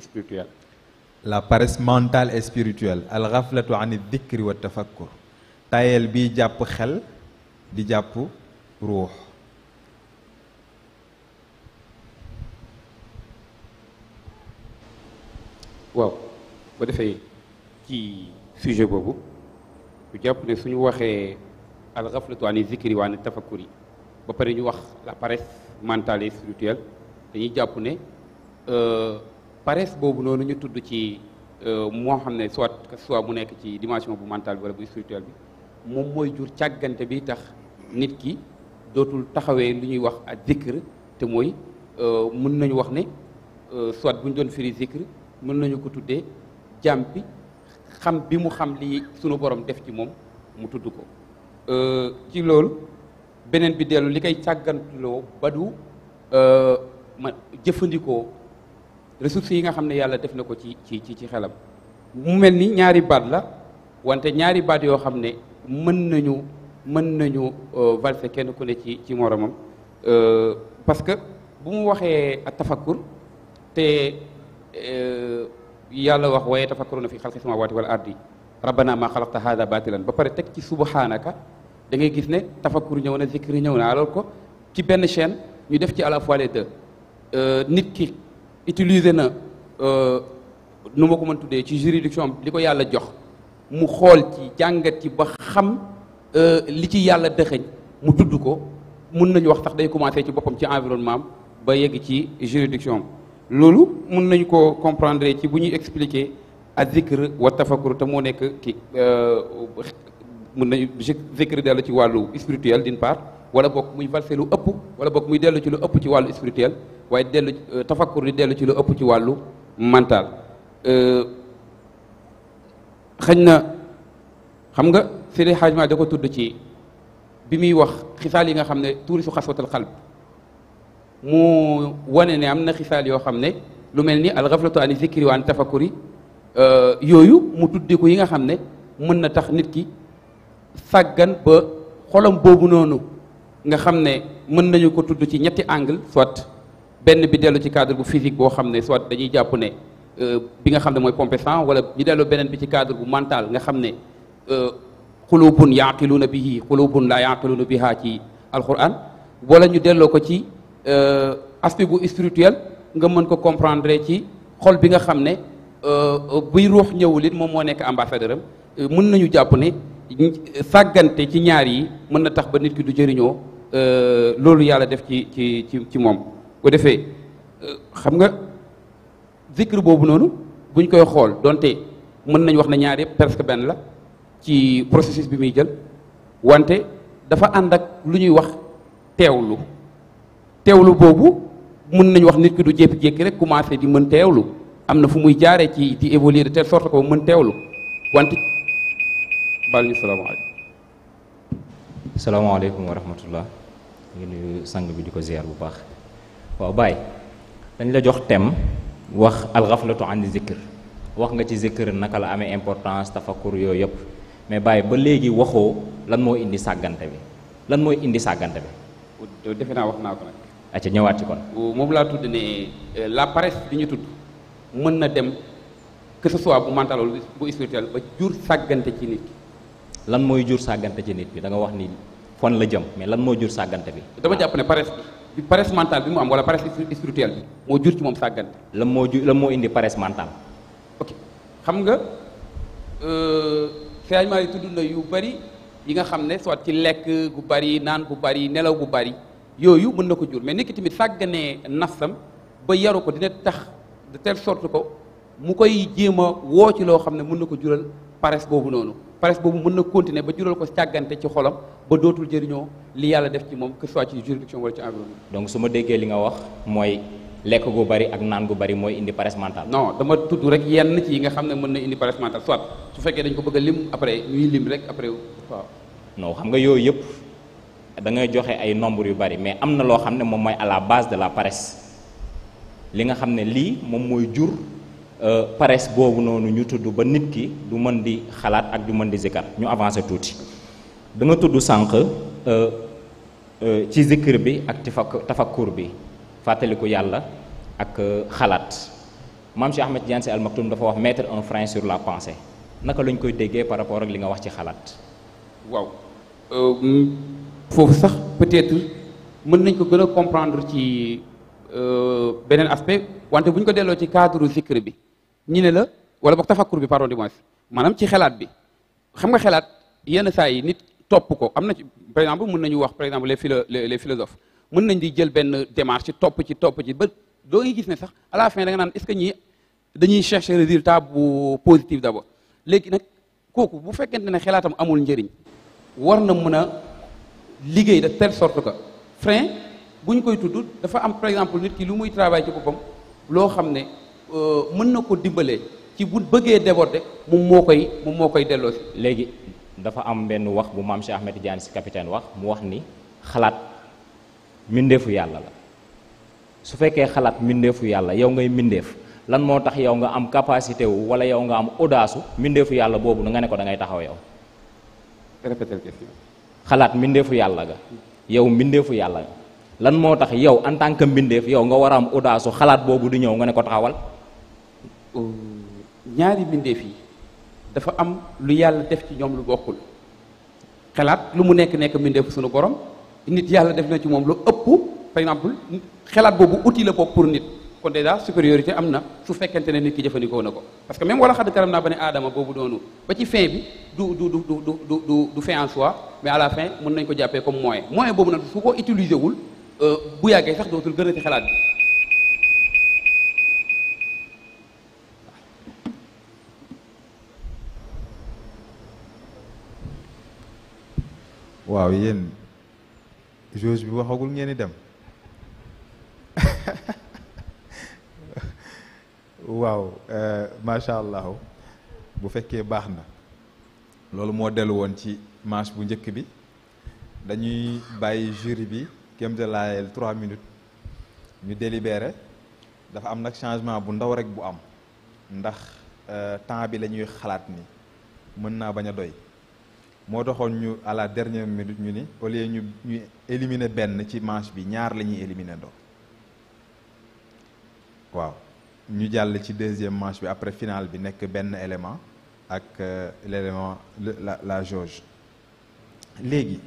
spirituelle. la paresse mentale et spirituelle al ghaflatu ani dikri wa tafakkur tayel bi jàpp xel di jàpp ruux waaw ba defee ci sujet boobu ñu jàpp ne suñu waxee al ghaflatu ani zikri wa ani tafakkur yi ba pare ñu wax la paresse mentale et dañuy jàpp ne euh, paresse boobu noonu ñu tudd ci euh, moo xam ne soit que soit mu nekk ci dimension bu mentale bi wala bu spirituelle bi moom mooy jur càggante bi tax nit ki dootul taxawee lu ñuy wax ak zikr te mooy euh, mun nañu wax ne euh, soit bu ñu doon firi zikr mën nañu ko tuddee jàmbi xam bi mu xam lii sunu borom def ci moom mu tudd ko ci loolu beneen bi dellu li koy càggantloo ba du ma jëfandikoo ressources yi nga xam ne yàlla def na ko ci ci ci ci xelam mu mel ni ñaari baat la wante ñaari baat yoo xam ne mën nañu mën nañu euh, valse kenn ku ne ci ci moromam euh, parce que bu mu waxee a tafakkur te euh, yàlla wax waaye tafakkuruna fi xalqi samawati wal ardi rabana ma xalaqta hada batilan ba pare teg ci suba xaanaka dangay gis ne tafakkur ñëw na zikri ñëw na alors ko ci benn chaine ñu def ci à la fois nit ki utiliser na euh, nu ma ko mën tuddee ci juridiction li ko yàlla jox mu xool ci jàngat ci ba xam euh, li ci yàlla dëxëñ mu tudd ko mun nañu wax sax day commencer ci boppam ci environnement ba yegg ci juridiction loolu mun nañu ko comprendre ci bu ñuy expliquer ak zikr wa tafakur te moo nekk ki euh, mun nañu zikr dellu ci wàllu spirituel d'une part wala bokk muy valse lu ëpp wala bokk muy dellu ci lu ëpp ci wàllu spirituel waaye dellu euh, tafakkur di dellu ci lu ëpp ci wàllu mental euh, xañ na xam nga Seydi Hajji Maalik dako tudd ci bi muy wax xisaal yi nga xam ne tuuri su xal xalb mu wane ne am na xisaal yoo xam ne lu mel ni al ghaflatu ani zikri wa euh, yooyu mu tuddi yi nga xam ne mën na tax nit ki sàggan ba xolam boobu noonu nga xam ne mën nañu ko tudd ci ñetti angle soit benn bi dellu ci cadre bu physique boo xam ne soit dañuy jàpp ne euh, bi nga xam ne mooy pompe sang wala ñu dellu beneen bi ci cadre bu mental nga xam ne xulubun euh, yaaqiluuna bihi xulubun laa yaaqiluuna biha ci alquran wala ñu delloo ko ci euh, aspect bu spirituel nga mën ko comprendre ci xol bi nga xam ne buy ruux ñëwul it moom moo nekk ambassadeur am mën nañu jàpp ne sàggante ci ñaar yi mën na tax ba nit ki du jëriñoo Euh, loolu yàlla def ci ci ci ci moom ko defee euh, xam nga zikr boobu noonu buñ koy xool donte mën nañu wax ne ñaar yëpp presque benn la ci processus bi muy jël wante dafa ànd ak lu ñuy wax teewlu teewlu boobu mën nañu wax nit ki du jékki-jékki rek commencé di mën teewlu am na fu muy jaaree ci di évoluer de telle sorte que mën teewlu wante baal ñu salaamaaleykum salaamaaleykum wa rahmatullah ñu nuyu sang bi di ko ziar bu baax waaw Baye dañ la jox thème wax alxaflatu an zikr wax nga ci zikr naka la amee importance tafakkur yooyu yëpp mais Baye ba léegi waxoo lan moo indi sàggante bi lan mooy indi sàggante bi. defe naa wax naa ko nag. ñëwaat ci kon. moom laa tudd ne euh, la paresse di ñu tudd mën na dem que ce soit bu mental bu spirituel ba jur sàggante ci nit ki. lan mooy jur sàggante ci nit bi da nga wax ni fan la jëm mais lan moo jur sàggante bi. dama jàpp ne paresse bi paresse mentale bi mu am wala paresse spirituelle bi moo jur ci moom sàggante. lan moo jur lan moo indi paresse mentale. ok xam nga finalement euh, yi tudd na yu bari yi nga xam ne soit ci lekk gu bari naan bu bari nelaw bu bari yooyu mën na ko jur mais nit tamit sàgganee nafsam ba yaru ko dina tax de telle sorte ko mu koy jéem a woo ci loo xam ne mun na ko jural pares boobu noonu. paresse boobu mën na continuer ba jural ko càggante ci xolam ba dootul jëriñoo li yàlla def ci moom que ce soit ci juridiction wala ci environnement. donc su ma déggee li nga wax mooy lekk gu bari ak naan gu bari mooy indi paresse mentale. non dama tudd rek yenn ci yi nga xam ne mën na indi paresse mentale soit su fekkee dañ ko bëgg a lim après ñuy lim rek après waaw. non xam nga yooyu yëpp da ngay joxe ay nombre yu bari mais am na loo xam ne moom mooy à la base de la paresse li nga xam ne lii moom mooy jur. Euh, pares boobu noonu ñu tudd ba nit ki du mën di xalaat ak du mën di zikkar ñu avancé tuuti da nga tudd sànq euh, euh, ci zikir bi ak tafakkur bi fàttaliku yàlla ak xalaat maam Cheikh Ahmed Tidiane Sy Al Maktoum dafa wax mettre un frein sur la pensée naka lañ koy déggee par rapport ak li nga wax ci xalaat. waaw foofu sax peut-être mën nañ ko gën a comprendre ci beneen aspect wante bu ñu ko delloo ci cadre zikir bi. ñu ne la wala boog tafakkur bi pardon di moins maanaam ci xelaat bi xam nga xelaat yenn saa yi nit topp ko am na ci par exemple mën nañu wax par exemple les philo les philosophes mën nañ di jël benn démarche topp ci topp ci ba doo ngi gis ne sax à la fin da nga naan est-ce que dañuy chercher résultat bu positif d'abord léegi nag kooku bu fekkente ne xelaatam amul njëriñ war na mën a liggéey de telle sorte que frein bu koy tudd dafa am par exemple nit ki lu muy travail ci boppam loo xam ne Euh, mën na ko dimbale ci bu bëggee déborder moom moo koy moom moo koy delloo si léegi dafa am benn wax bu maam Cheikh Ahmed Tidiane si capitaine wax mu wax ni xalaat mbindeefu yàlla la su fekkee xalaat mbindeefu yàlla yow ngay mbindeef lan moo tax yow nga am capacité wu wala yow nga am audace mbindeefu yàlla boobu nga ne ko da ngay taxaw yow. xalaat mbindeefu yàlla ga yow mbindeefu yàlla lan moo tax yow en tant que mbindeef yow nga war am audace xalaat boobu di ñëw nga ne ko taxawal. ñaari mbindeef yi dafa am lu yàlla def ci ñoom lu bokkul xelaat lu mu nekk nekk mbindeefu suñu borom nit yàlla def na ci moom lu ëpp par exemple xelaat boobu outil la boobu pour nit kon déjà supériorité am na su fekkente ne nit ki jëfandikoo na ko parce que même wala xadd karam naa ba ne aadama boobu doonu ba ci fin bi du du du du du du du fin en soi mais à la fin mën nañ ko jàppee comme moyen moyen boobu nag su ko utiliser wul euh, bu yàggee sax dootul gën a waaw yéen juge bi waxagul ngeen di dem waaw euh, macha allah bu fekkee baax na loolu moo dellu woon ci manche bu njëkk bi dañuy bàyyi juri bi kem te laayel trois minutes ñu délibéré dafa am nag changement bu ndaw rek bu am ndax euh, temps bi lañuy xalaat ni mën naa bañ a doy moo taxoon ñu à la dernière minute ñu ni au lieu ñu ñu éliminer benn ci manche bi ñaar la ñuy éliminer ndox waaw ñu jàll ci deuxième manche bi après finale bi nekk benn élément ak euh, l'élément la la jauge léegi